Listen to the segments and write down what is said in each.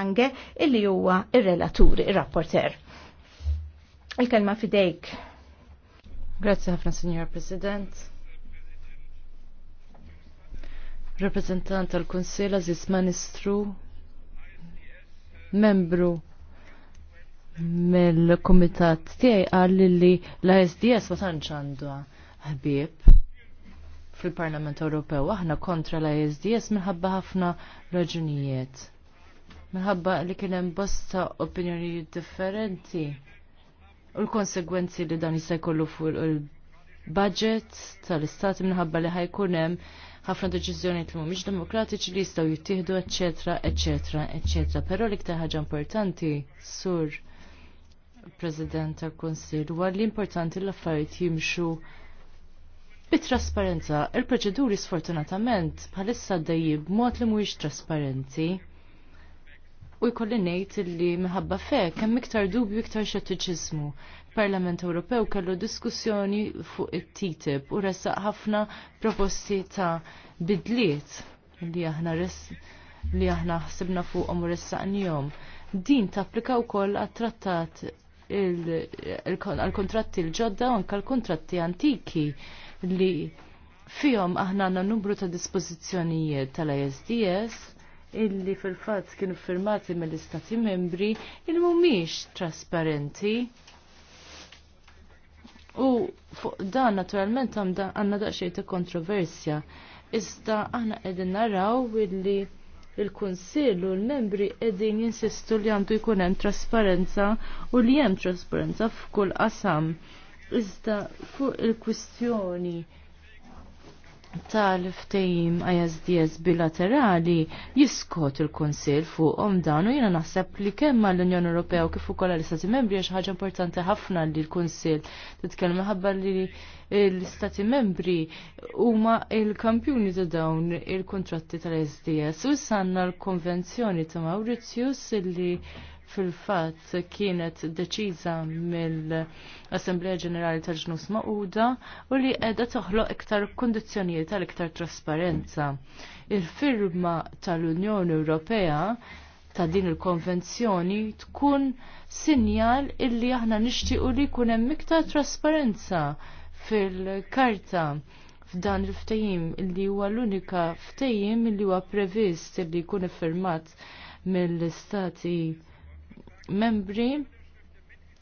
ange illi huwa ir-relatur, il ir-rapporter. Il kelma fidejk. Grazie ħafna, Signor President. Rappresentant tal-Kunsill Aziz Manistru, membru mill-Komitat tiegħi qal li l-ISDS ma tantx għandu ħbieb fil-Parlament Ewropew aħna kontra l-ISDS minħabba ħafna raġunijiet minħabba li kien hemm bosta opinjonijiet differenti u l-konsegwenzi li dan jista' jkollu fuq il-budget tal-istat minħabba li ħajkun hemm ħafna deċiżjonijiet li mhumiex demokratiċi li jistgħu jittieħdu eċetra, eċetera, eċetra. Però l-iktar ħaġa importanti sur President tal-Kunsill huwa li importanti l-affarijiet jimxu bit-trasparenza. Il-proċeduri sfortunatament bħalissa dejjib b'mod li mhuwiex trasparenti u jkolli ngħid li minħabba fe, hemm iktar dubju iktar xettiċiżmu. Parlament Ewropew kellu diskussjoni fuq it-TTIP u ressaq ħafna proposti ta' bidliet li aħna res li aħna ħsibna fuqhom u ressaqnihom. Din tapplika wkoll għat-trattat għal-kontratti l-ġodda u anke l-kontratti antiki li fihom aħna għandna numru ta' dispożizzjonijiet tal-ISDS illi fil-fatt kienu firmati mill-Istati membri il mhumiex trasparenti. U fuq dan naturalment għandna daqsxejn ta' kontroversja. Iżda aħna qegħdin naraw illi il-Kunsill u l-membri qegħdin jinsistu li għandu jkun hemm trasparenza u li hemm trasparenza f'kull qasam. Iżda fuq il-kwistjoni tal-ftejim ISDS bilaterali jiskot il-Konsil fuqhom dan u jiena naħseb li kemm l-Unjoni Ewropea u kif ukoll l-Istati Membri għax ħaġa importanti ħafna li l-Kunsill titkellem ħabba li l-Istati Membri huma il-kampjuni ta' dawn il-kontratti tal-SDS u sanna l-Konvenzjoni ta' Mauritius li fil-fatt kienet deċiża mill-Assembleja Ġenerali tal-Ġnus Maquda u li qiegħda toħloq iktar kundizzjonijiet tal-iktar trasparenza. Il-firma tal-Unjoni Ewropea ta' din il-konvenzjoni tkun sinjal illi aħna nixtiequ li jkun hemm iktar trasparenza fil-karta f'dan il-ftehim illi huwa l-unika ftehim illi huwa previst illi jkun iffirmat mill-istati membri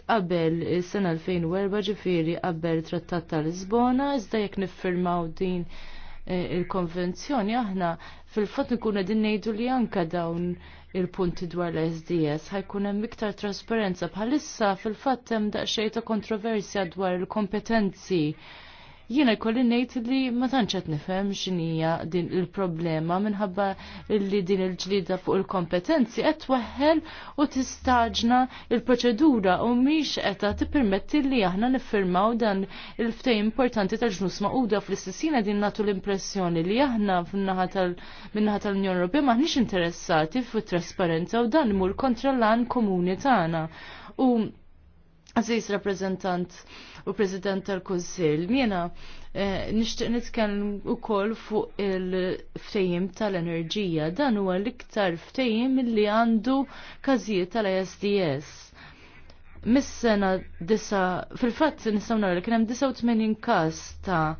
qabel is-sena 2004 ġifieri qabel trattat ta' Lisbona, iżda jekk niffirmaw din eh, il-konvenzjoni aħna fil-fatt nkun qegħdin ngħidu li anka dawn il-punti dwar l-SDS ħajkun hemm iktar trasparenza bħalissa fil-fatt hemm daqsxejn ta' kontroversja dwar il-kompetenzi Jiena jkolli ngħid li ma tantx qed nifhem x'inhija din il-problema minħabba li din il-ġlida fuq il-kompetenzi qed tweħħel u tistaġna il-proċedura u mhix qed tippermetti li aħna niffirmaw dan il-ftej importanti tal-ġnus maquda fl-istessina din nagħtu l-impressjoni li aħna minnaħa tal-Unjoni Ewropea maħniex interessati fit-trasparenza u dan imur kontra l-għan komuni tagħna. U Aziz rappresentant u president tal-Kunsill, miena eh, nixtieq nitkellem ukoll fuq il-ftehim tal-enerġija. Dan huwa l-iktar ftehim li għandu każijiet tal-ISDS. Mis-sena disa, fil-fatt nistgħu nara li kien hemm 89 każ ta'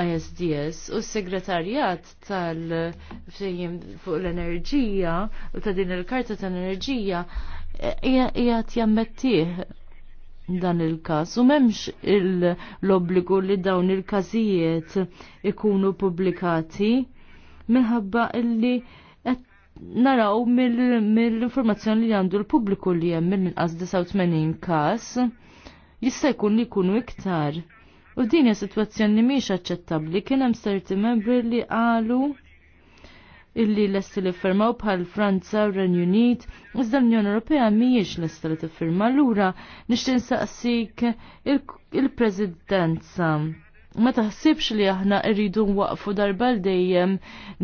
ISDS u s-segretarjat tal ftehim fuq l-enerġija u ta' din il-karta tal-enerġija eh, jgħat jammettih dan il-kas u memx l-obbligu li dawn il-kazijiet ikunu publikati minħabba illi naraw mill-informazzjoni li għandu l-pubbliku li hemm mill-inqas 89 kas jista' jkun li jkunu iktar. U din hija sitwazzjoni mhix aċċettabbli kien hemm certi membri li qalu illi lesti li firmaw bħal Franza u Renju Unit, iżda l-Unjoni Ewropea mhijiex lesta li tiffirma. Allura nixtieq saqsik il-Presidenza. Ma taħsibx li aħna rridu nwaqfu darba dejjem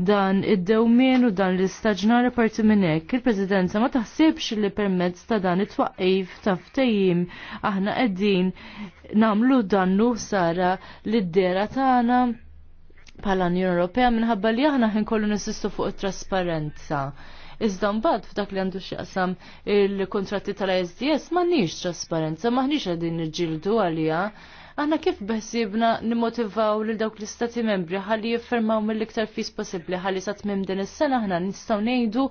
dan id-dewmien u dan l-istaġnar parti minn hekk. Il-Presidenza ma taħsibx li permezz ta' dan it-twaqqif ta' ftehim aħna qegħdin nagħmlu dannu sara lid iddera tagħna bħala Unjoni Ewropea minħabba li aħna ħinkollu nisistu fuq it-trasparenza. Iżda mbagħad f'dak li għandu x'jaqsam il-kontratti tal-ISDS m'għandniex trasparenza, m'aħniex qegħdin niġġieldu għalija. Aħna kif beħsibna nimmotivaw lil dawk l-istati membri ħalli jiffermaw mill-iktar fis possibbli ħalli sa tmiem din is-sena aħna nistgħu ngħidu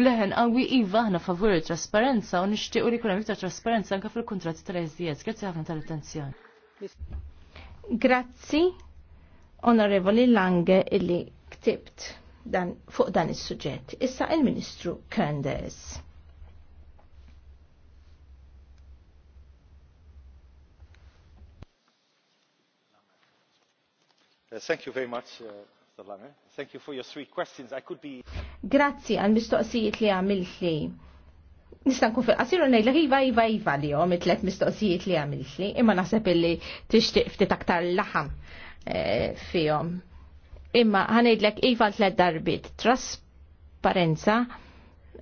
bleħen qawwi iva aħna favur trasparenza u nixtiequ li jkun hemm iktar trasparenza anke fil-kuntratti tal-ISDS. Grazzi ħafna tal-attenzjoni. Grazzi. Onorevoli Lange illi ktibt dan, fuq dan is-suġġett. Issa il-Ministru Kendes. Uh, thank you very much, uh, Mr. Lange. Thank you for your three questions. I could be... Grazzi għal mistoqsijiet li għamilli. li. Nistan kun fil-qasiru nejla jiva jiva jiva li jom mistoqsijiet li għamilt imma nasib li tixtiq ftit aktar laħam Eh, fihom. Imma ħanejdlek iva tlet darbit trasparenza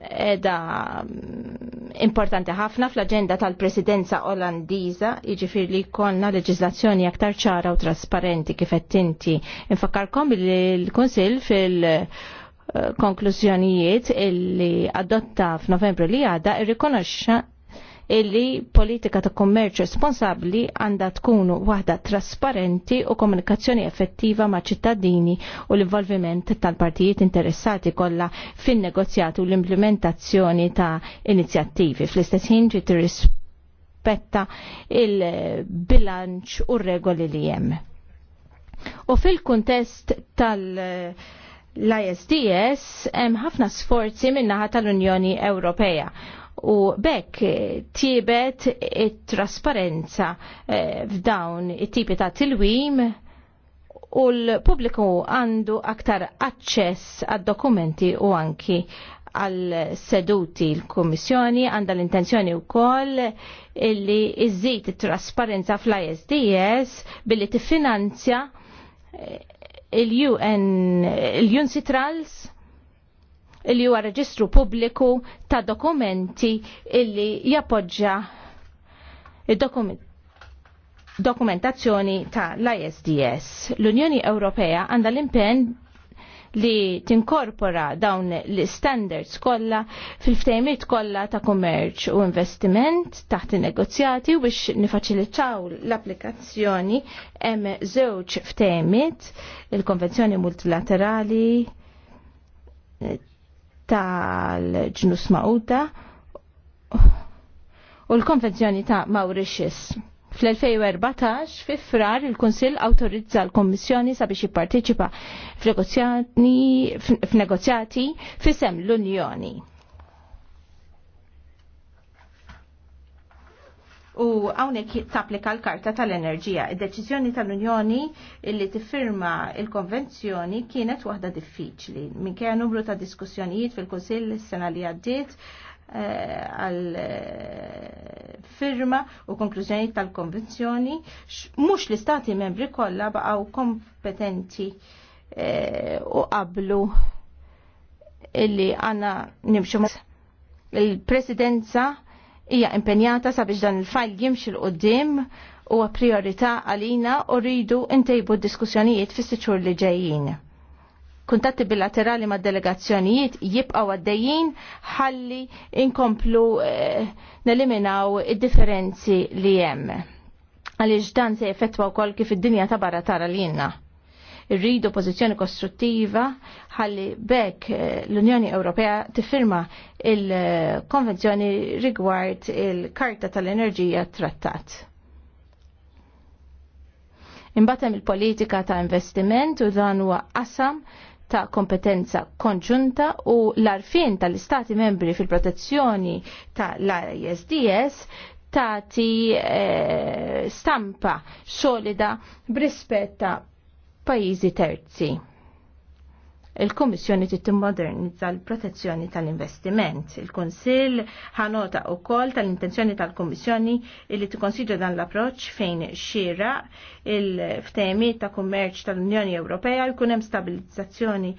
edha mm, importanti ħafna fl-agenda tal-presidenza olandiza iġifir li konna leġizlazzjoni aktar ċara u trasparenti kifet tinti Infakkarkom il-Konsil fil- konklużjonijiet illi adotta f'Novembru li għada irrikonoxxa illi politika ta' kommerċ responsabbli għandha tkun waħda trasparenti u komunikazzjoni effettiva ma' ċittadini u l-involviment tal-partijiet interessati kollha fin-negozjat u l-implementazzjoni ta' inizjattivi. Fl-istess ħin ġiet rispetta il-bilanċ u regoli li jem. U fil-kontest tal- l-ISDS hemm ħafna sforzi min-naħa tal-Unjoni Ewropea u bekk eh, tiebet it-trasparenza eh, f'dawn it-tipi ta' tilwim u l-pubbliku għandu aktar aċċess għad dokumenti u anki għal seduti l komissjoni għandha l-intenzjoni wkoll illi iżżid it-trasparenza fl-ISDS billi tiffinanzja eh, il-UN il-UNCITRALS li huwa reġistru pubbliku ta' dokumenti illi jappoġġa id dokumentazzjoni ta' l-ISDS. L-Unjoni Ewropea għandha l-impenn li tinkorpora dawn l-standards kollha fil-ftejmiet kollha ta' kummerċ u investiment taħt in-negozjati biex nifaċilitaw l-applikazzjoni hemm żewġ ftejmiet il-Konvenzjoni Multilaterali tal-ġnus mauta u l-Konvenzjoni ta' Mauritius. Fl-2014, fifrar il-Kunsill autorizza l-Kommissjoni sabiex jipparteċipa f'negozjati fisem l-Unjoni. u hawnhekk tapplika l-karta tal-enerġija. Id-deċiżjoni tal-Unjoni li tiffirma il-konvenzjoni kienet waħda diffiċli. kien numru ta' diskussjonijiet fil-Kunsill is-sena li għaddiet eh, għal eh, firma u konklużjoni tal-konvenzjoni mhux l-istati membri kollha baqgħu kompetenti eh, u qablu illi għanna nimxu il-presidenza hija impenjata sabiex dan il-fajl jimxi l-qoddim u priorità għalina u rridu ntejbu diskussjonijiet fis siċur li ġejjin. Kuntatti bilaterali ma' delegazzjonijiet jibqaw għaddejjin ħalli inkomplu eh, neliminaw id-differenzi li hemm. Għaliex dan se jeffettwa wkoll kif id-dinja ta' barra tara li jenna rridu pożizzjoni kostruttiva ħalli bekk eh, l-Unjoni Ewropea tifirma il-konvenzjoni rigward il-Karta tal-Enerġija Trattat. Imbatem il-politika ta' investiment u dan huwa qasam ta' kompetenza konġunta u l-arfin tal-istati membri fil-protezzjoni ta' l-ISDS ti eh, stampa solida brispetta Pajjiżi terzi. Il-Kummissjoni trid timmodernizza l-protezzjoni tal-investiment. Il-Kunsill ħanota wkoll tal-intenzjoni tal-Kummissjoni li tikkonsidra dan l-approċċ fejn xira il ftemi ta' kummerċ tal-Unjoni Ewropea jkun hemm stabilizzazzjoni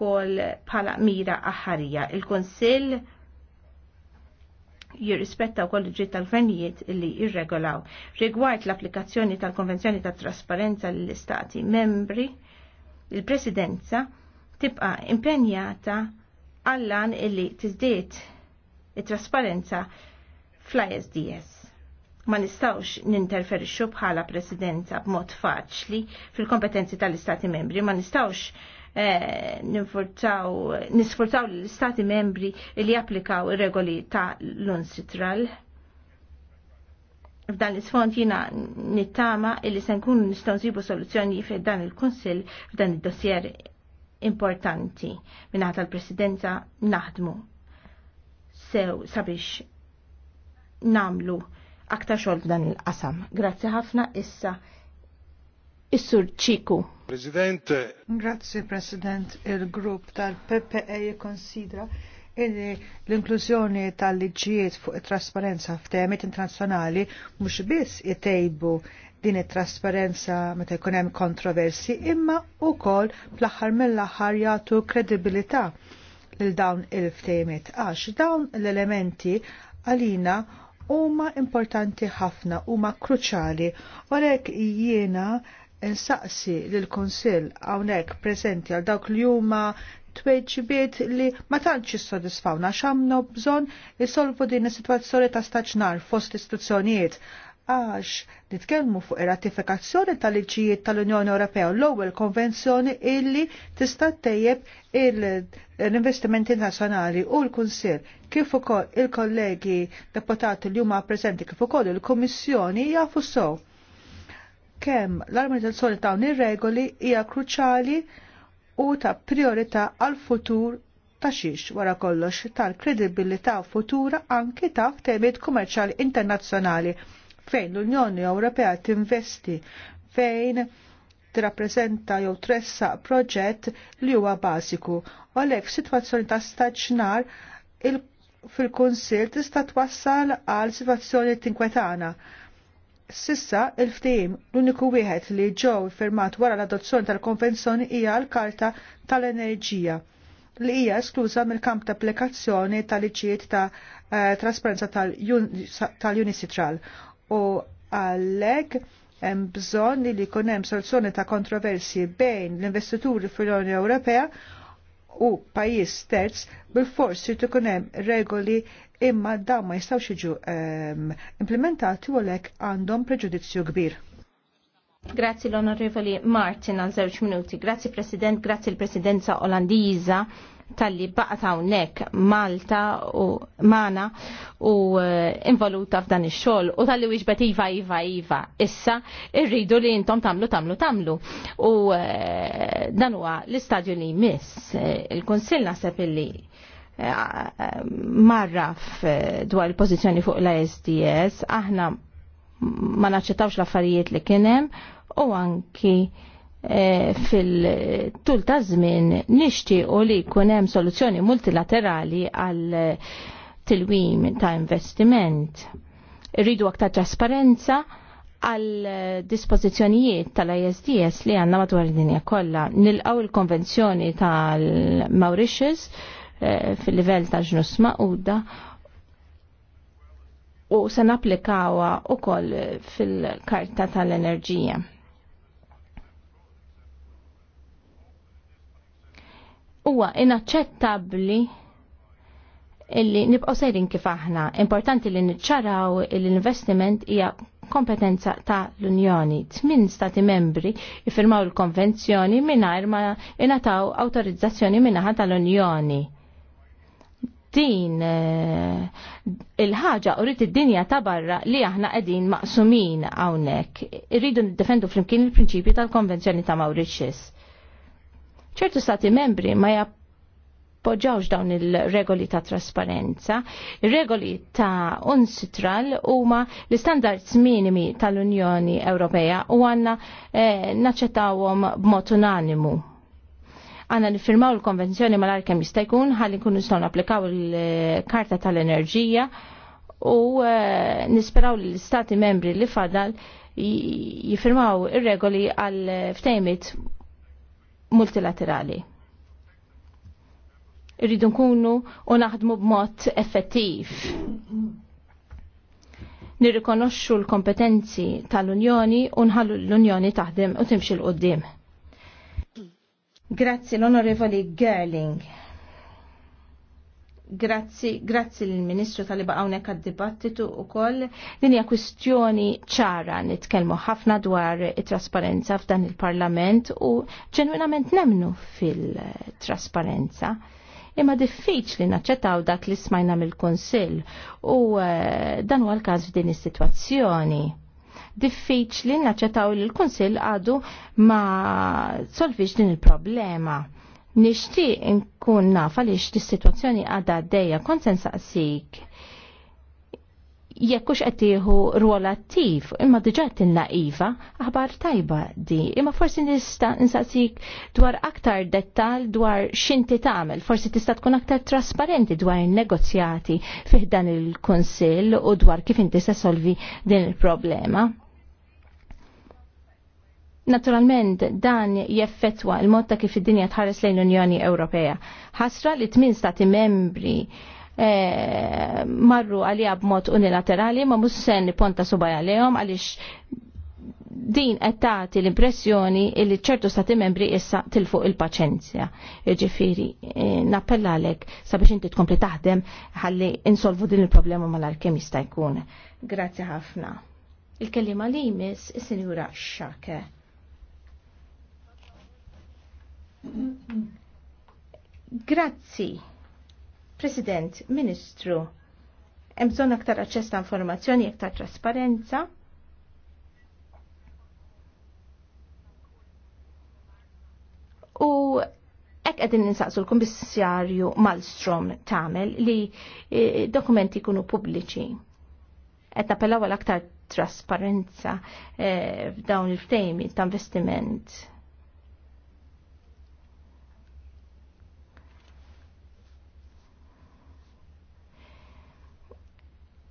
kol bħala mira aħħarija. Il-Kunsill jirrispetta u kollu ġiet tal-gvernijiet li jirregolaw. Rigward l-applikazzjoni tal-Konvenzjoni tal Trasparenza l-Istati membri, il-Presidenza tibqa impenjata għallan illi tizdiet it-trasparenza fl-ISDS. Ma nistawx ninterferixxu bħala presidenza b'mod faċli fil-kompetenzi tal-Istati membri, ma nistawx Eh, Nisfurtaw l istati membri li japplikaw regoli ta' l-unsitral. F'dan l-isfond jina nittama illi se nkunu nistgħu nsibu soluzzjoni f'dan il-Kunsill f'dan id-dossier importanti minna tal-Presidenza naħdmu sew sabiex namlu aktar xogħol f'dan il-qasam. Grazzi ħafna issa Is-Sur Ċiku. President. Grazie, President. Il-grupp tal-PPE jikonsidra l-inklużjoni tal-liġijiet fuq it-trasparenza f'temiet internazzjonali mhux biss jtejbu din it-trasparenza meta jkun hemm kontroversi, imma wkoll fl-aħħar mill-aħħar jagħtu kredibilità lil dawn il-ftehimiet għax dawn l-elementi għalina huma importanti ħafna, huma kruċjali għalhekk jiena insaqsi lill-Kunsill hawnhekk prezenti għal dawk li huma tweġibiet li ma tantx issodisfawna x'għamlu bżonn isolvu din is-sitwazzjoni ta' staġnar fost istituzzjonijiet għax nitkellmu fuq ir-ratifikazzjoni tal-liġijiet tal-Unjoni Ewropea l-ewwel konvenzjoni illi tista' tejjeb l-investimenti nazzjonali u l-Kunsill kif ukoll il-kollegi deputati li huma preżenti kif ukoll il-Kummissjoni jafu sew kemm l-armonizzazzjoni ta' dawn ir-regoli hija kruċjali u ta' priorità għal futur ta' xiex wara kollox tal-kredibilità futura anki ta' temiet kummerċjali internazzjonali fejn l-Unjoni Ewropea tinvesti fejn tirrappreżenta jew tressa proġett li huwa bażiku. U għalhekk sitwazzjoni ta' staġnar fil-Kunsill tista' twassal għal sitwazzjoni tinkwetana Sissa il ftim l-uniku wieħed li ġew firmat wara l-adozzjoni tal-konvenzjoni hija l-Karta tal-Enerġija li hija esklusa mill-kamp ta' applikazzjoni tal-iċiet ta' eh, trasparenza tal-Unicitral. U għalhekk hemm bżonn li jkun hemm soluzzjoni ta' kontroversi bejn l-investituri fl-Unjoni Ewropea u pajjiż terz bil forsi jrid hemm regoli imma dawn ma jistgħux jiġu ehm, implementati u lek għandhom preġudizzju kbir. Grazzi l-Onorevoli Martin għal żewġ minuti. Grazie President, grazie l-Presidenza Olandiża tal-li baqat hawnhekk Malta u Mana u eh, involuta f'dan ix-xogħol u tal-li wieġbet iva iva iva. Issa irridu li intom tagħmlu tagħmlu tagħmlu. U eh, dan huwa l-istadju li jmiss. Eh, Il-Kunsill naħseb illi marraf dwar il-pożizzjoni fuq la SDS aħna ma naċċettawx l-affarijiet li kienem u anki Eh, fil-tul ta' żmien nixtiequ li jkun hemm soluzzjoni multilaterali għal eh, tilwim ta' investiment. Irridu aktar trasparenza għal eh, dispożizzjonijiet tal-ISDS li għanna madwar id-dinja kollha. Nilqgħu il-konvenzjoni tal-Mauritius fil-livell ta' ġnus ma'uda u se napplikawa ukoll fil-karta tal-enerġija. huwa inaċċettabbli illi nibqgħu sejrin kif aħna. Importanti li niċċaraw l-investiment hija kompetenza ta' l-Unjoni. Tmin stati membri jifirmaw il-konvenzjoni mingħajr ma ingħataw awtorizzazzjoni minnaħa tal-Unjoni. Din eh, il-ħaġa urrit id-dinja ta' barra li aħna qegħdin maqsumin hawnhekk. Irridu niddefendu flimkien il-prinċipju tal-Konvenzjoni ta' Mauritius ċertu stati membri ma jappoġġawx dawn il-regoli ta' trasparenza. Il-regoli ta' unsitral huma l-standards minimi tal-Unjoni Ewropea u għanna eh, naċċettawhom b'mod unanimu għanna nifirmaw il-konvenzjoni mal-għar kem jistajkun, għalli nkun nistaw applikaw il-karta tal-enerġija u eh, nisperaw li l-istati membri li fadal jifirmaw ir-regoli għal ftejmit multilaterali. Irridu nkunu u naħdmu b'mod effettiv. Nirrikonoxxu l-kompetenzi tal-Unjoni u nħallu l-Unjoni taħdem u timxi l-qoddim. Grazzi l-Onorevoli Gerling. Grazzi, grazzi l-Ministru tal hawnhekk għad-dibattitu wkoll Din hija kwistjoni ċara nitkellmu ħafna dwar it-trasparenza f'dan il-Parlament u ġenwinament nemnu fil-trasparenza. Imma diffiċli naċċettaw dak li smajna mill-Kunsill u eh, dan huwa l-każ f'din is-sitwazzjoni. Diffiċli naċċettaw li l-Kunsill għadu ma solvix din il-problema. Nixtieq nkun nafa li xti situazzjoni għadha għaddejja konsensa għasik jekkux għattiħu ruol attiv, imma il naiva, aħbar tajba di, imma forsi nista nsaqsik dwar aktar dettal dwar xinti tamel, forsi tista tkun aktar trasparenti dwar negozjati fiħdan il-konsil u dwar kif inti se solvi din il-problema. Naturalment dan jeffettwa il-mod ta' kif id-dinja tħares lejn l-Unjoni Ewropea. Ħasra li tmin stati membri eh, marru għalija b'mod unilaterali ma mhux sen niponta subaj għalihom għaliex din qed tagħti l-impressjoni li ċertu stati membri issa tilfuq il-paċenzja. Ġifieri, eh, nappella għalhekk sabiex inti tkompli taħdem ħalli insolvu din il-problema mal-arkem jista' jkun. Grazzi ħafna. Il-kellima li jmiss is-Sinjura Xake. Grazzi, President, Ministru. Hemm bżonn aktar aċċess ta' informazzjoni, aktar trasparenza. U ek għedin ninsaqsu l-Kommissarju Malmstrom tamel li e, dokumenti kunu pubbliċi. Etta appellaw l aktar trasparenza e, f'dawn il-ftejmi ta' investiment.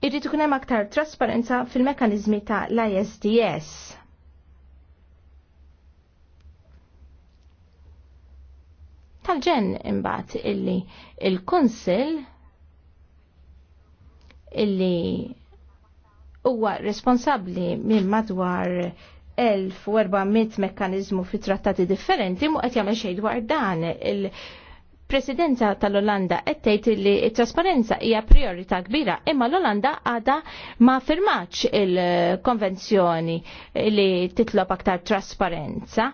irrid ikun hemm aktar trasparenza fil-mekkaniżmi ta' l-ISDS. Tal-ġen imbagħad illi il-Kunsill illi huwa responsabbli minn madwar 1400 mekkanizmu fi trattati differenti mu qed jagħmel xejn dwar dan il- presidenza tal-Olanda qed tgħid li t-trasparenza hija priorità kbira, imma l-Olanda għadha ma firmax il-konvenzjoni li titlob aktar trasparenza.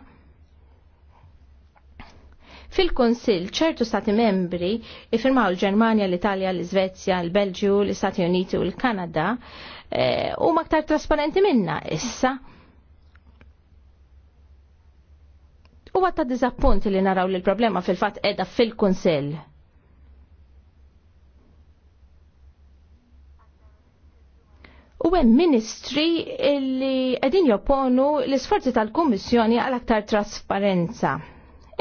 Fil-Konsil, ċertu stati membri ifirmaw l-Ġermanja, l-Italja, l-Svezja, l-Belġju, l-Istati Uniti u l-Kanada eh, u maktar trasparenti minna issa U għatta dizappunti li naraw li l-problema fil-fat edha fil-Kunsell. u hemm ministri li qegħdin jopponu l-isforzi tal-Kummissjoni għal aktar trasparenza.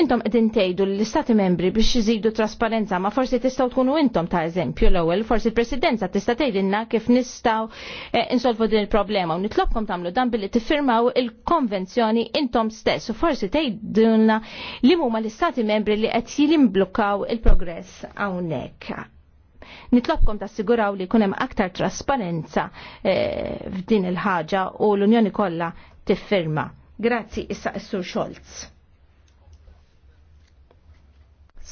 Intom qegħdin tgħidu l-Istati membri biex iżidu trasparenza, ma forsi tistgħu tkunu intom ta' eżempju l-ewwel, forsi l-Presidenza tista' tgħidilna kif nistgħu eh, insolvu din il-problema u nitlobkom tagħmlu dan billi tiffirmaw il-konvenzjoni intom stess u forsi tgħidulna li huma l-Istati membri li qed jilimblukkaw il-progress hawnhekk. Nitlobkom tassiguraw li kunem aktar trasparenza eh, f'din il-ħaġa u l-Unjoni kollha tiffirma. Grazzi issa Sur Scholz.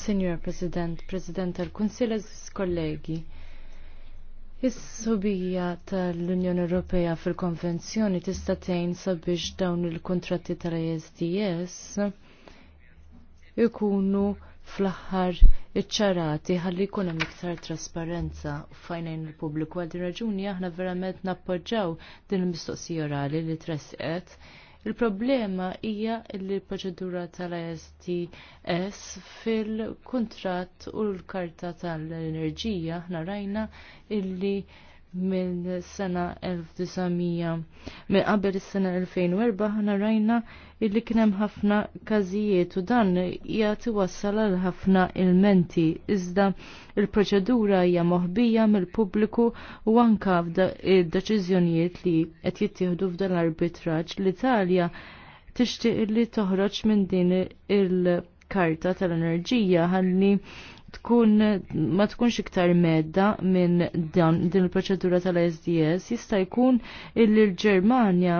Signor President, President tal-Kunsil, kollegi. Is-subija tal-Unjoni Ewropea fil-Konvenzjoni tista' tgħin sabiex dawn il-kuntratti tal-ISDS ikunu fl-aħħar iċċarati ħalli jkun hemm iktar trasparenza u fajnejn il-pubbliku għal din raġuni aħna verament nappoġġaw din il-mistoqsija orali li tresqet Il-problema hija li l-proċedura tal-ISTS fil-kontrat u l-karta tal-enerġija ħna rajna illi mill-sena 1900 minn qabel is-sena 2004 ħana rajna illi kien hemm ħafna każijiet u dan hija tiwassal għal ħafna ilmenti iżda il-proċedura hija moħbija mill-pubbliku u anka d deċiżjonijiet li qed jittieħdu f'dan l-arbitraġġ l-Italja tixtieq li toħroġ minn din il- karta tal-enerġija ħalli tkun ma tkunx iktar medda minn dan din il-proċedura tal-SDS jista' jkun il-Ġermanja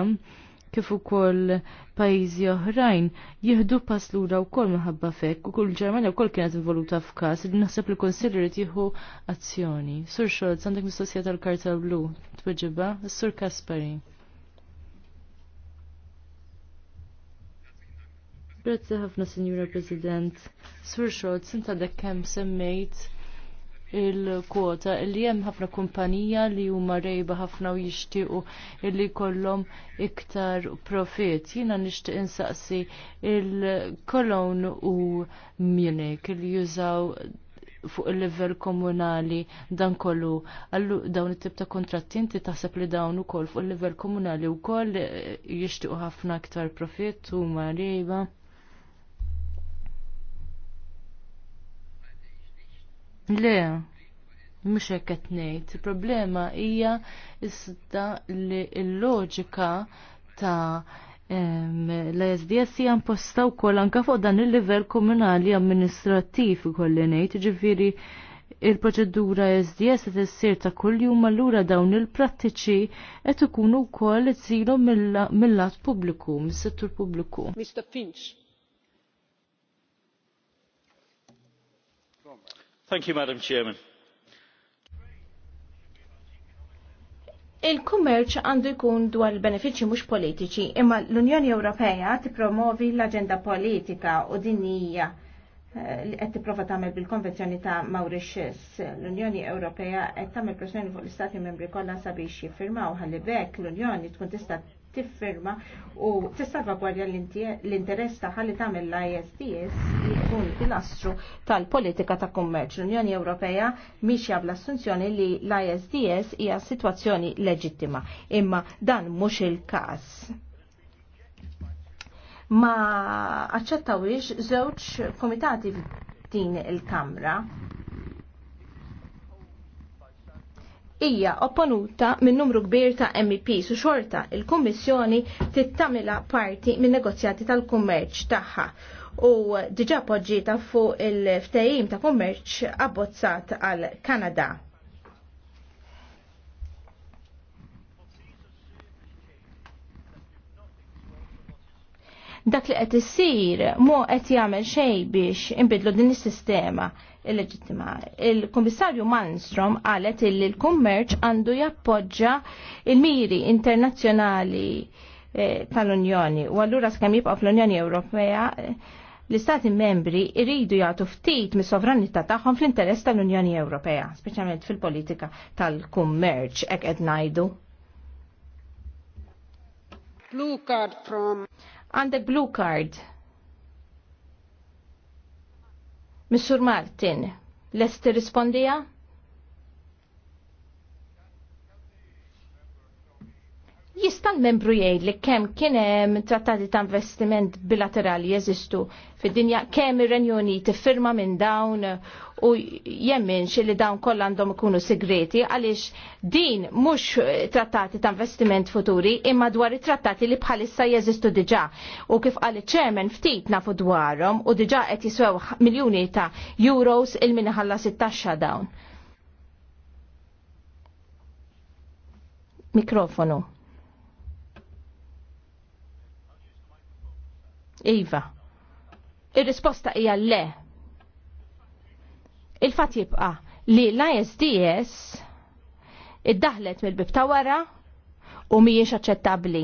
kif ukoll pajjiżi oħrajn jieħdu pass lura wkoll minħabba fekk u kull Ġermanja wkoll kienet involuta f'każ li naħseb li rid tieħu azzjoni. Sur Scholz għandek mistoqsija tal-karta blu, tweġibha? sur Kaspari. Grazzi ħafna, Sinjura President. Sur xogħol, sinta dek kemm semmejt il-kwota li hemm ħafna kumpanija li huma rejba ħafna u jixtiequ li jkollhom iktar profit. Jiena nixtieq insaqsi il-Kolon u Munich li jużaw fuq il-level komunali dan kollu. Allu dawn it-tip ta' kontratti inti taħseb li dawn ukoll fuq il-level komunali wkoll jixtiequ ħafna aktar profitt huma rejba. Le, mux hekk qed ngħid. Il-problema hija issa li l-loġika ta' l-SDS hija imposta wkoll anke fuq dan il-livell komunali amministrattiv kolli ngħid, ġifieri il-proċedura SDS qed issir ta' kuljum allura dawn il-prattiċi qed ikunu wkoll isiru mill-lat pubbliku, mis-settur pubbliku. Mr. Finch. You, madam president il-kummerċ għandu jkun dwar il-benefiċċji mhux politiċi, imma l-Unjoni Ewropea tippromovi l-aġenda politika u din hija eh, li qed tipprova tagħmel bil-Konvenzjoni ta' Mauritius. L-Unjoni Ewropea qed tagħmel pressjoni fuq l-Istati Membri kollha sabiex jiffirmaw ħalli bekk l-Unjoni tkun tista' tifferma u gwarja l-interess ta' ħalli tagħmel l-ISDS li jkun pilastru tal-politika ta' kummerċ. L-Unjoni Ewropea jab bl-assunzjoni li l-ISDS hija situazzjoni leġittima, imma dan mhux il-każ ma aċċettawix żewġ komitati din il-Kamra hija opponuta minn numru kbir ta' MEP su xorta il-Kummissjoni tittamila parti minn negozjati tal-kummerċ tagħha u diġa poġġita fuq il-ftehim ta' kummerċ abbozzat għal Kanada. dak li qed issir mu qed jagħmel xejn biex inbidlu din is-sistema illeġittima. Il-Kummissarju Malmstrom qalet illi l-kummerċ għandu jappoġġa il-miri internazzjonali eh, tal-Unjoni u allura skemm jibqa' fl-Unjoni Ewropea eh, l-Istati membri iridu jagħtu ftit mis-sovranità tagħhom fl-interess tal-Unjoni Ewropea, speċjalment fil-politika tal-kummerċ hekk qed ngħidu. Blue card from the blue card Missur Martin, lest tirrispondija? jista' l-membru li kemm kien hemm trattati ta' investiment bilaterali jeżistu fid-dinja kemm ir-Renju Uniti firma minn dawn u jemminx li dawn kollha għandhom ikunu segreti għaliex din mhux trattati ta' investiment futuri imma dwar it-trattati li bħalissa jeżistu diġà u kif qal iċ-chairman ftit nafu dwarhom u diġà qed jiswew miljuni ta' euros il-min ħalla 16 dawn. Mikrofonu. Iva. Ir-risposta hija le. Il-fatt jibqa' li l-ISDS iddaħlet mill-bib wara u mhijiex aċċettabbli.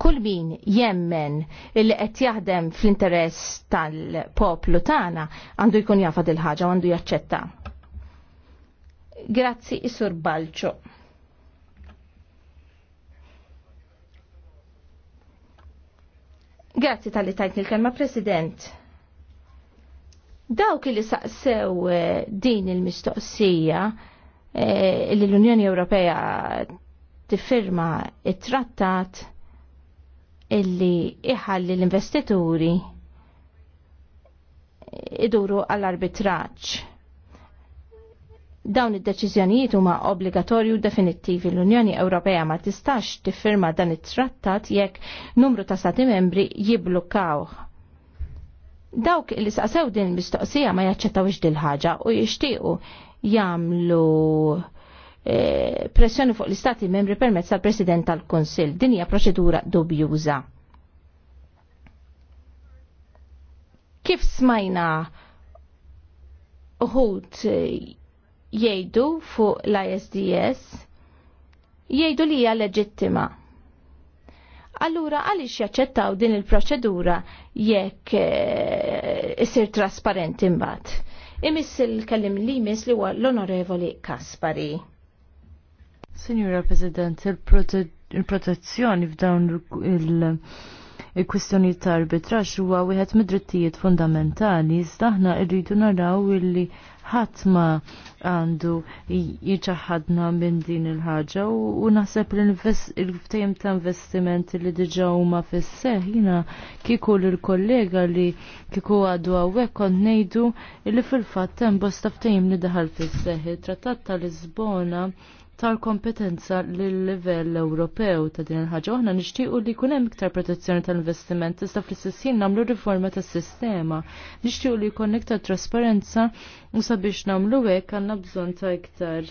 Kull min jemmen li qed jaħdem fl-interess tal-poplu tagħna għandu jkun jafa il ħaġa għandu jaċċetta. Grazzi Isur Balċo. Grazzi tal-li tajt il-kelma, President. Dawk li saqsew eh, din il-mistoqsija eh, li l-Unjoni Ewropea tiffirma it-trattat illi iħalli l-investituri iduru għall-arbitraċ Dawn id-deċiżjonijiet huma obbligatorju definittivi l-Unjoni Ewropea ma tistax tiffirma dan it-trattat jekk numru ta' stati membri jibblukkaw. Dawk li saqsew din mistoqsija ma jaċċettawx dil ħaġa u jixtiequ jagħmlu eh, pressjoni fuq l-Istati membri permezz tal-President tal-Konsil. Din hija proċedura dubjuża. Kif smajna uħut eh, jgħidu fuq l-ISDS jgħidu li hija leġittima. Allura għaliex jaċċettaw din il-proċedura jekk eh, isir trasparenti mbagħad. Imiss il-kellim li jmiss li huwa l-Onorevoli Kaspari. Signora President, il-protezzjoni f'dawn il- il-kwistjoni ta' arbitrax huwa wieħed mid-drittijiet fundamentali, iżda aħna rridu naraw illi ħatma għandu jiġaħadna minn din il-ħaġa u naħseb l-ftajem ta' investiment li diġaw huma fis jina kiku l-kollega li kiku għadu għawek kont nejdu li fil-fatt hemm bosta ftajem li daħal fis-seħ. Il-Trattat tal Lisbona tal-kompetenza lill-livell Ewropew ta' din il-ħaġa. Aħna nixtiequ li jkun hemm iktar protezzjoni tal-investiment iżda fl istessin nagħmlu riforma tas-sistema. Nixtiequ li jkun iktar trasparenza u sabiex nagħmlu hekk għandna bżonn ta' iktar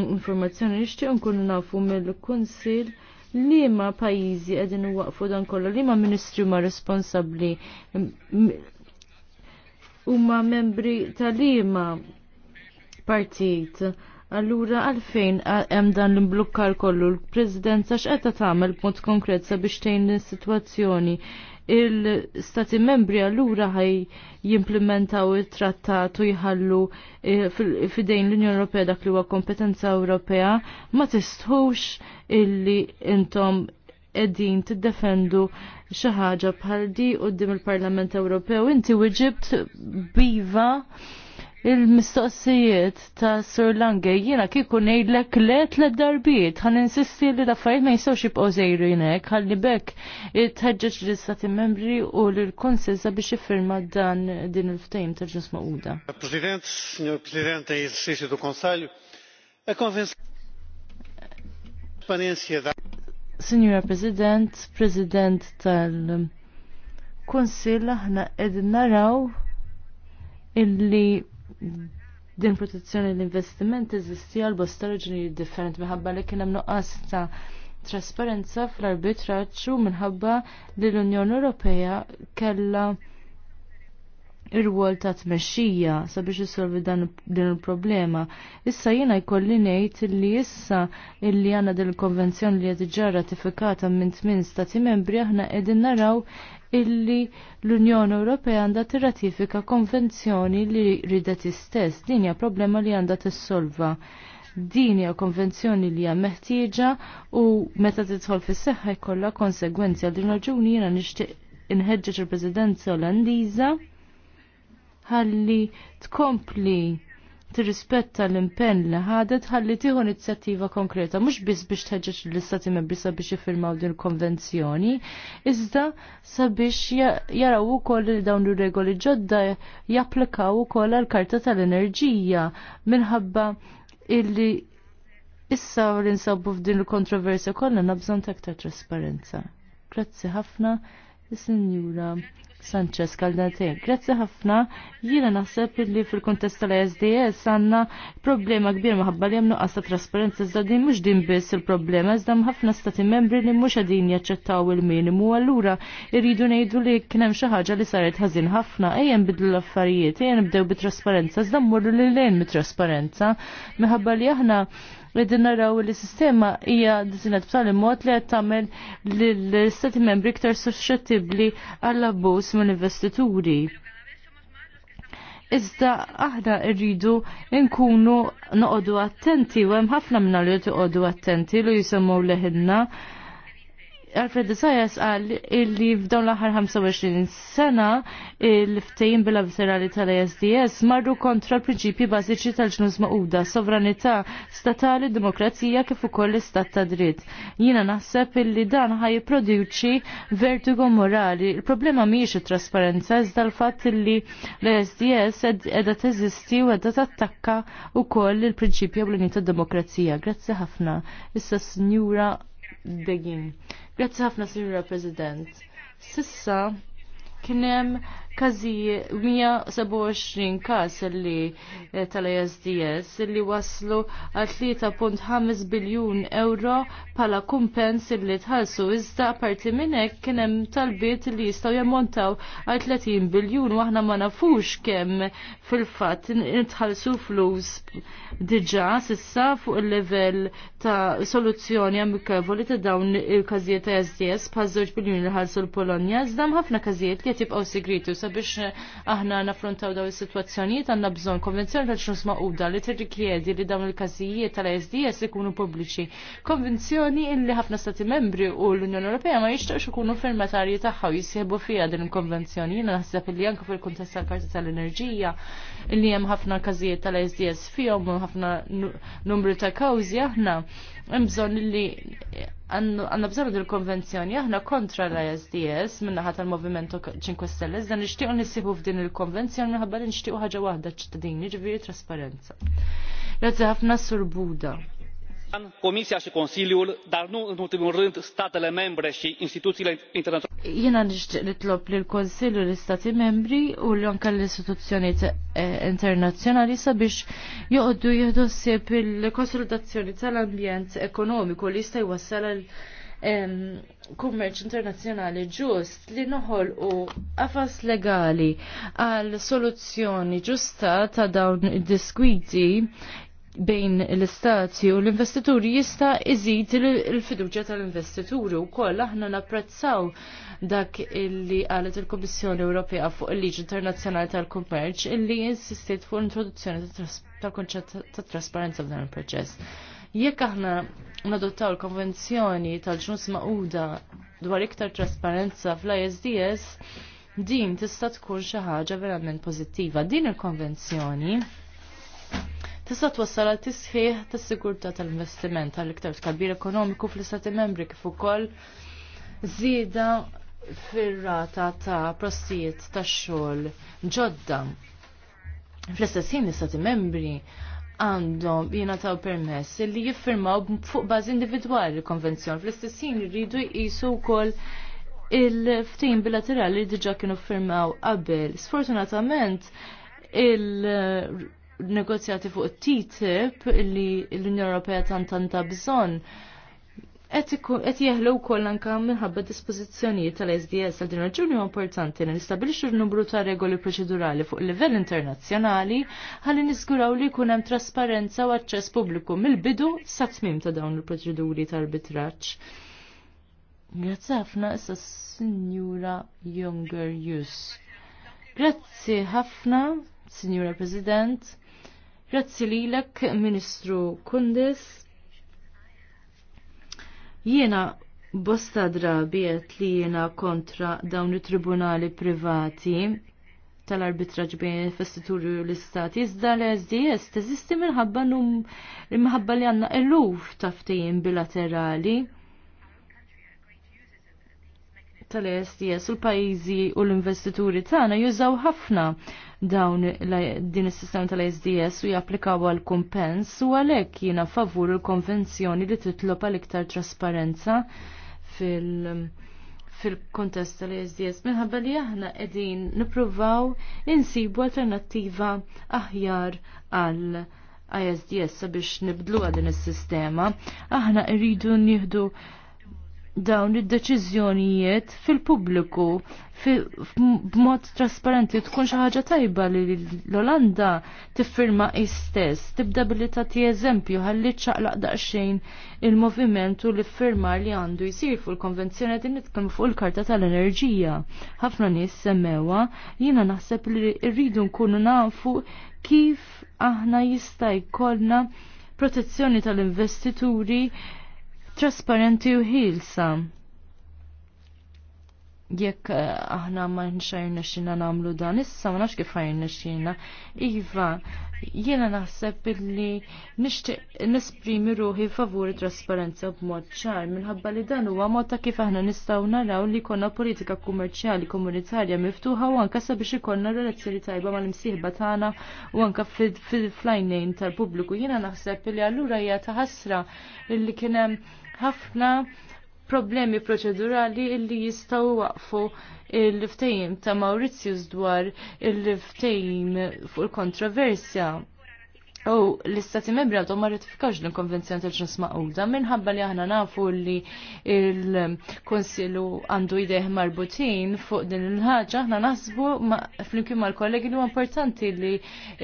informazzjoni nixtiequ nkunu nafu mill-Kunsil li ma pajjiżi qegħdin waqfu dan kollu, li ma ministri ma responsabbli u ma membri tal liema partit. Allura għalfejn hemm dan l-imblukkar kollu l-Presidenza x'qed tagħmel b'mod konkret sabiex tgħin is-sitwazzjoni il-stati membri allura ħaj jimplementaw il-trattat u jħallu eh, fidejn l-Unjoni Ewropea dak li huwa kompetenza Ewropea ma tistħux illi intom edin tiddefendu xi ħaġa bħal di qudiem il-Parlament Ewropew inti wiġibt biva il-mistoqsijiet ta' Sur Lange jiena kieku ngħidlek le tliet darbiet ħan insisti li l-affarijiet ma jistgħux jibqgħu zejru jinek ħalli bekk tħeġġeġ l-istati membri u l-Kunsil sabiex jiffirma dan din il-ftehim ta' ġus maquda. President, Signor President eżerċizzju du Konsalju, e konvins. Signora President, President tal kunsilla aħna qegħdin naraw illi din protezzjoni l-investiment eżisti għal bosta differenti minħabba li kien hemm nuqqas ta' trasparenza fl arbitraċċu minħabba li l-Unjoni Ewropea kellha ir-rwol ta' tmexxija sabiex isolvi dan din il-problema. Issa jiena jkolli ngħid li issa illi għandna din il-konvenzjoni li qed iġġar ratifikata minn tmien stati membri aħna qegħdin naraw illi l-Unjoni Ewropea għandha tirratifika konvenzjoni li ridet istess. Din hija problema li għandha tissolva din hija konvenzjoni li hija meħtieġa u meta tidħol fis-seħħa jkollha konsegwenzi għal din raġuni jiena nixtieq inħeġġeġ il-Presidenza Olandiża ħalli tkompli tirrispetta l-impenn li ħadet ħalli tieħu inizjattiva konkreta mhux biss biex tħeġġeġ l-istati membri sabiex jiffirmaw din il konvenzjoni, iżda sabiex jaraw ukoll li dawn ir-regoli ġodda japplikaw ukoll għall-karta tal-enerġija minħabba illi issa l-insabu f'din il-kontroversja kollha nabżon ta' aktar trasparenza. Grazzi ħafna. Signora Sanchez Caldate. Grazzi ħafna, jiena naħseb li fil-kontest tal-SDS għanna problema kbir maħabba li nuqqas għasta trasparenza iżda din mux din biss il-problema iżda mħafna stati membri li mux għadin jaċċettaw il-minimu għallura irridu nejdu li kienem xaħġa li saret ħazin ħafna ejjem bidlu l-affarijiet ejjem bdew bit-trasparenza iżda mmurru li lejn bit-trasparenza maħabba li aħna rridu naraw li sistema hija dizinat b'tali mod li qed tagħmel l-istati membri iktar suscettibbli għall-abbuż mill-investituri. Iżda aħna rridu nkunu noqogħdu attenti u hemm ħafna minna li joqogħdu attenti li jisemmu leħinna. Alfred Desayas għal illi f'dawn l-aħħar 25 sena il-ftejn bilaterali tal-ISDS marru kontra l-prinċipji bażiċi tal-ġnus maquda, sovranità statali, demokrazija kif ukoll l-istat ta' dritt. Jiena naħseb illi dan ħaj produċi vertigo morali. Il-problema mhijiex it-trasparenza iżda l-fatt illi l-ISDS qiegħda teżisti u qiegħda tattakka wkoll il-prinċipji u l-unità demokrazija. Grazzi ħafna. Issa Sinjura degin. Grazie ħafna, Sirra President. Sissa, kienem kazi 127 kas li eh, tal-ISDS li waslu għal 3.5 biljun euro pala kumpens li tħalsu iżda parti minnek kienem talbiet li jistaw jammontaw għal 30 biljun waħna ma nafux kem fil-fat tħalsu flus diġa sissa fuq il-level ta' soluzzjoni amikavoli ta' dawn il-kazijiet ta' SDS pa' 2 biljun li ħalsu l-Polonja iżda ħafna kazijiet li jtibqaw segretu sabiex aħna naffrontaw daw is-sitwazzjonijiet għandna bżonn konvenzjoni tal ċnus maquda li tirrikjedi li dawn il-każijiet tal-ISDS ikunu pubbliċi. Konvenzjoni illi ħafna stati membri u l-Unjoni Ewropea ma jixtaqx ikunu firmatarji tagħha u jisieħbu fiha din il-konvenzjoni. Jiena naħseb li anke fil-kuntest tal karti tal-Enerġija li hemm ħafna każijiet tal-ISDS fihom ħafna numru ta' kawżi aħna Mbżon li għanna bżon il-konvenzjoni, aħna kontra l-ISDS minnaħat tal-Movimento 5 Stelle, dan nixtiequ nisibu f'din il-konvenzjoni minħabba li nixtiequ ħaġa wahda ċittadini, ġviri trasparenza. Grazzi ħafna Sur Buda. Comisia și Consiliul, dar nu n-ultimur rind statele membre xie instituzjile internazjonali. Jiena nixtieq nitlob li l-Konsil u l-Istati membri u l-anka l-istituzzjoni eh, internazzjonali sabiex joqoddu jieħdu ssib il-konsolidazzjoni tal-ambjent ekonomiku li jista' jwassal għal kummerċ internazzjonali ġust li noħol u għafas legali għal soluzzjoni ġusta ta' dawn id-diskwiti bejn l-istati u l-investituri jista' iżid il-fiduċja tal-investituri u koll aħna napprezzaw dak illi qalet il komissjoni Ewropea fuq il-Liġi Internazzjonali tal-Kummerċ illi insistiet fuq l-introduzzjoni tal-konċett ta' trasparenza f'dan il-proċess. Jekk aħna nadottaw l-konvenzjoni tal-ġnus maquda dwar iktar trasparenza fl-ISDS, din tista' tkun xi ħaġa verament pożittiva. Din il-konvenzjoni tista' twassal għal tisħiħ tas-sigurtà tal-investiment għal iktar tkabbir ekonomiku fl-istati membri kif ukoll żieda fir-rata ta' prostijiet tax-xogħol ġodda. Fl-istess ħin l-istati membri għandhom jiena taw permess li jiffirmaw fuq bażi individwali konvenzjon fl-istess ħin irridu jqisu wkoll il-ftin bilaterali li diġa kienu firmaw qabel. Sfortunatament il- negozjati fuq TTIP li l-Unjoni Ewropea tant tanta bżonn qed jeħlu wkoll anke minħabba dispożizzjonijiet tal-SDS għal din raġuni importanti li nistabilixxu n-numru ta' regoli proċedurali fuq livell internazzjonali ħalli niżguraw li jkun hemm trasparenza u aċċess pubbliku mill-bidu sa tmiem ta' dawn il-proċeduri tal arbitraġġ. Grazzi ħafna issa Sinjura Younger Jus. Grazzi ħafna, Sinjura President. Grazzi lilek, Ministru Kundis. Jiena bosta drabiet li jiena kontra dawn it-tribunali privati tal-arbitraġ bejn il-festituri u l-istati, iżda l-SDS teżisti minħabba num minħabba li għanna eluf taftejn bilaterali tal-SDS u l-pajizi u l-investituri tagħna jużaw ħafna dawn din is-sistema tal-SDS u japplikaw għal kumpens u għalhekk jiena favur il-konvenzjoni li titlob għal iktar trasparenza fil- fil-kontest tal-SDS minħabba li aħna qegħdin nippruvaw insibu alternattiva aħjar għal ISDS sabiex nibdlu din is-sistema. Aħna rridu nieħdu dawn id-deċiżjonijiet fil-pubbliku b'mod trasparenti tkun xi ħaġa tajba li l-Olanda tiffirma istess, tibda billi tagħti eżempju ħalli ċaqlaq daqsxejn il-moviment u l-iffirmar li għandu jsir fuq il-konvenzjoni din nitkellmu fuq il-Karta tal-Enerġija. Ħafna nies semmewa, jiena naħseb li rridu nkunu nafu kif aħna jista' jkollna protezzjoni tal-investituri trasparenti u ħilsa. Jekk eh, aħna ma nxajrna xina namlu dan, issa ma nafx kif ħajrna xina. Iva, jiena naħseb illi nixtieq nesprimi ruħi favur trasparenza b'mod ċar minħabba li dan huwa mod ta' kif aħna nistgħu naraw li jkollna politika kummerċjali komunitarja miftuħa u anke sabiex ikollna relazzjoni tajba mal-imsieħba tagħna u anke fil-flajnejn tal-pubbliku. Jiena naħseb li allura hija ta' ħasra illi kien hemm ħafna problemi proċedurali illi jistaw waqfu il-ftejim ta' Maurizius dwar il-ftejim fuq il-kontroversja. U l-istati membri għadhom ma ratifikawx l-konvenzjoni tal-ġnus maquda minħabba li aħna nafu li l konsilu għandu jdeħ marbutin fuq din il-ħaġa aħna nasbu flimkien mal-kollegi li importanti li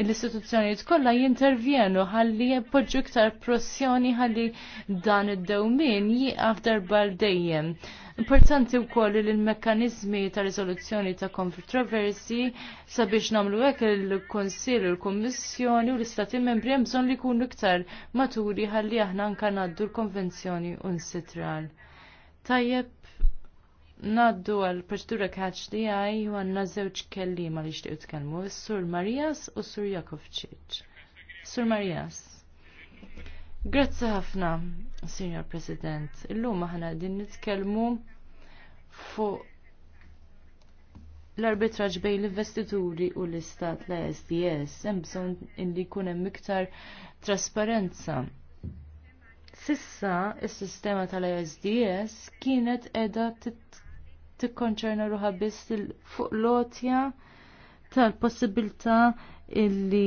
l-istituzzjonijiet kollha jintervjenu ħalli jpoġġu iktar pressjoni ħalli dan id-dewmin jieqaf darba l dejjem. Importanti wkoll li l mekanizmi ta' risoluzzjoni ta' kontroversi sabiex nagħmlu hekk il-Kunsill u l-Kummissjoni u l-Istati Membri hemm bżonn li jkunu iktar maturi ħalli aħna anke ngħaddu l-konvenzjoni u nsitral. Tajjeb Naddu għal proċedura kaċ li għaj u għanna zewċ kelli ma li xtiqt kelmu, sur Marijas u s-sur Jakovċiċ. Sur Marijas. Grazzi ħafna, Signor President. Illum aħna din nitkellmu fuq l-arbitraġ bejn l-investituri u l-istat la SDS, hemm bżonn illi jkun hemm iktar trasparenza. Sissa is-sistema tal-ISDS kienet qiegħda tikkonċerna ruħa biss fuq l-otja tal-possibilità illi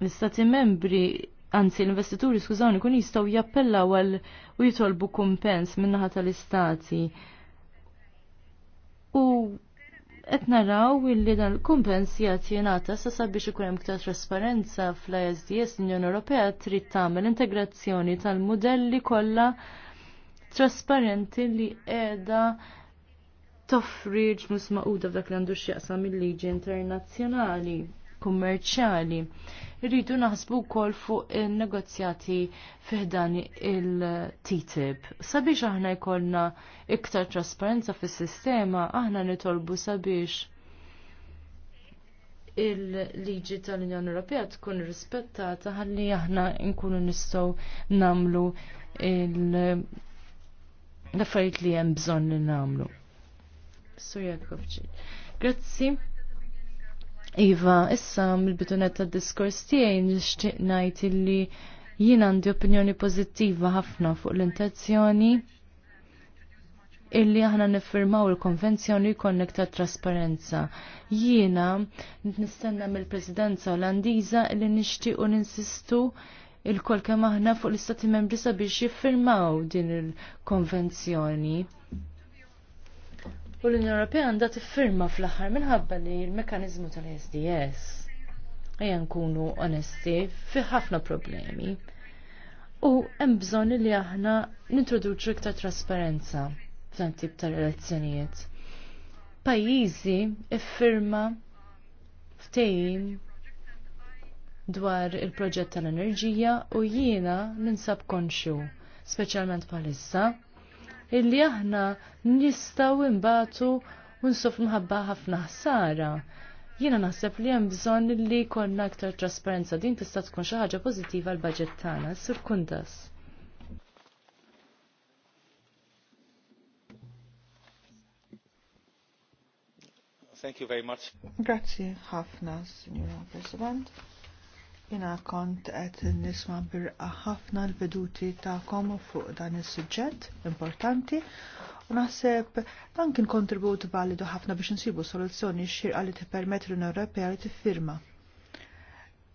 l-istati membri anzi l-investituri skużawni kun jistaw jappellaw għal u jitolbu kumpens minnaħa tal-istati. U qed naraw illi dan il-kumpens jagħti jingħata sa sabiex ikun hemm iktar trasparenza fl-ISDS l-Unjoni Ewropea trid tagħmel integrazzjoni tal-mudelli kollha trasparenti li qiegħda toffriġ mus maquda f'dak li għandu x'jaqsam il-liġi internazzjonali kummerċjali. Rridu naħsbu wkoll fuq in-negozjati fiħdan il-TTIP. Sabiex aħna jkollna iktar trasparenza fis-sistema, aħna nitolbu sabiex il-liġi tal-Unjoni Ewropea tkun rispettata ħalli aħna nkunu nistgħu namlu l-affarijiet li hemm bżonn li nagħmlu. So Kofċi. Grazzi. Iva, issa mill-bidunet ta' diskors tiegħi nixtieq ngħid illi jien għandi opinjoni pożittiva ħafna fuq l-intenzjoni illi aħna niffirmaw il-konvenzjoni jkollek ta' trasparenza. Jiena nistenna mill-Presidenza Olandiża illi nixtiequ ninsistu il-kol kemm aħna fuq l-Istati Membri sabiex jiffirmaw din il-konvenzjoni. U l-Unjoni Ewropea għandha tiffirma fl-aħħar minħabba li l-mekkaniżmu tal-SDS ejja nkunu onesti fi ħafna problemi. U hemm bżonn li aħna nintroduċu iktar trasparenza f'dan tip ta' relazzjonijiet. Pajjiżi iffirma ftehim dwar il-proġett tal-enerġija u jiena ninsab konxu, speċjalment bħalissa, illi aħna nistaw imbatu unsuf mħabba ħafna ħsara. Jiena naħseb li hemm bżonn li konna aktar trasparenza din tista' tkun xi ħaġa pożittiva l budget tagħna, Sur Kundas. Thank you very much. Grazie ħafna, Signora President. Jina kont qed nisma birqa ħafna l-veduti komu fuq dan is-suġġett importanti u naħseb dan kien kontribut validu ħafna biex nsibu soluzzjoni xirqa li tippermet l-Unjoni Ewropea li tiffirma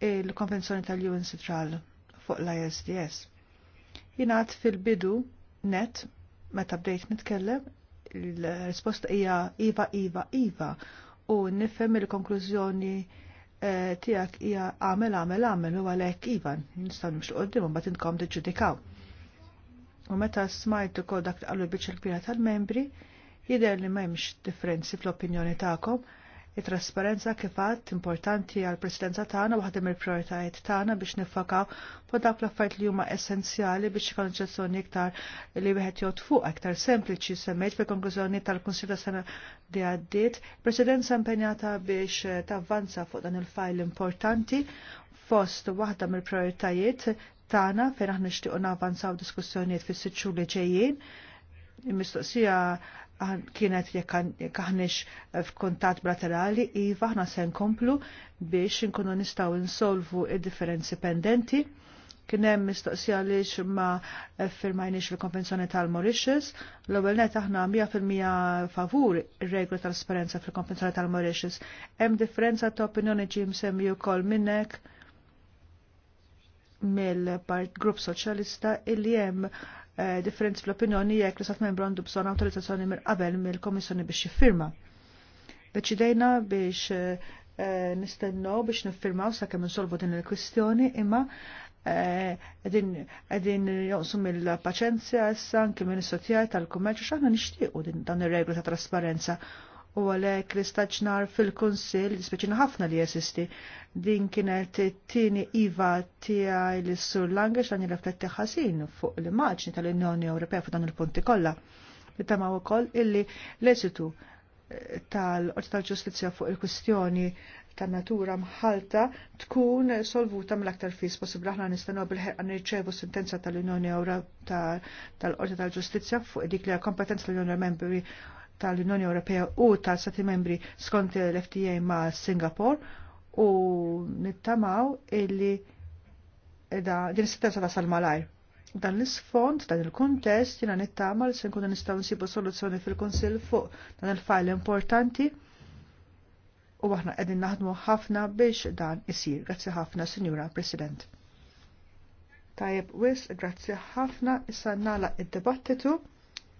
il-Konvenzjoni tal-UN Central fuq l-ISDS. Jena fil-bidu net meta bdejt nitkellem il-risposta hija iva iva iva u nifhem il-konklużjoni Eh, tiegħek hija għamel għamel għamel u għalhekk ivan, nistgħu nimxu qudiem mbagħad intkom tiġġudikaw. U meta smajtu kol dak l qalu biċ il pina tal-membri, jidher li m'hemmx differenzi fl-opinjoni tagħkom, it-trasparenza kifat importanti għal presidenza tagħna waħda mill-prioritajiet tagħna biex nifaka fuq dak l-affarijiet li huma essenzjali biex konċessjoni iktar li wieħed jgħod fuq aktar sempliċi semmejt fil-konklużjoni tal kunsill ta' sena di għaddiet. Presidenza impenjata biex tavvanza fuq dan il-fajl importanti fost waħda mill-prioritajiet tagħna fejn aħna nixtiequ navvanzaw diskussjonijiet fis-sitt xhur li ġejjin. Il-mistoqsija kienet jekk aħniex f'kuntatt bilaterali, iva aħna se nkomplu biex inkunu nistgħu insolvu id-differenzi pendenti. Kien hemm mistoqsija għaliex ma firmajniex fil-Konvenzjoni tal-Mauritius, l-ewwel net aħna 100% favur ir-regla trasparenza fil-Konvenzjoni tal-Mauritius. Hemm differenza ta' opinjoni ġim semmi wkoll minnek mill-Part Grupp Soċjalista illi hemm Eh, differenzi fl-opinjoni jekk li sat membru għandu bżonn autorizzazzjoni mill qabel mill-Komissjoni biex jiffirma. Deċidejna biex eh, nistennu biex niffirmaw sakemm insolvu din il-kwistjoni imma eh, għedin jonsu mill-paċenzja issa anke minn s sotjaj tal-kummerċ x'aħna nixtiequ dan ir-reglu ta' trasparenza u għalek li staċnar fil-konsil, speċina ħafna li jesisti, din kienet t-tini iva tijaj li sur langex għan jirrefletti ħasin fuq l-immaġni tal-Unjoni Ewropea fuq dan il-punti kolla. tama u koll illi l-esitu eh, tal-Qorti tal-Ġustizja fuq il kustjoni ta' natura mħalta tkun solvuta mill-aktar fis possibbli ħna nistennew bil għan irċevu sentenza tal-Unjoni Ewropea tal-Qorti tal-Ġustizzja fuq dik li kompetenza l-Unjoni Membri tal-Unjoni Ewropea u tal-Stati Membri skont l-FTA ma' Singapore u nittamaw illi da din s-sittessa ta' sal-malajr. Dan l-isfond, dan il-kontest, jina nittama li s-nkun nistaw nsibu soluzzjoni fil-Konsil fuq dan il-fajl importanti u aħna qegħdin naħdmu ħafna biex dan isir. Grazzi ħafna, Signora President. Tajab, wis, grazzi ħafna, issa nala id debattitu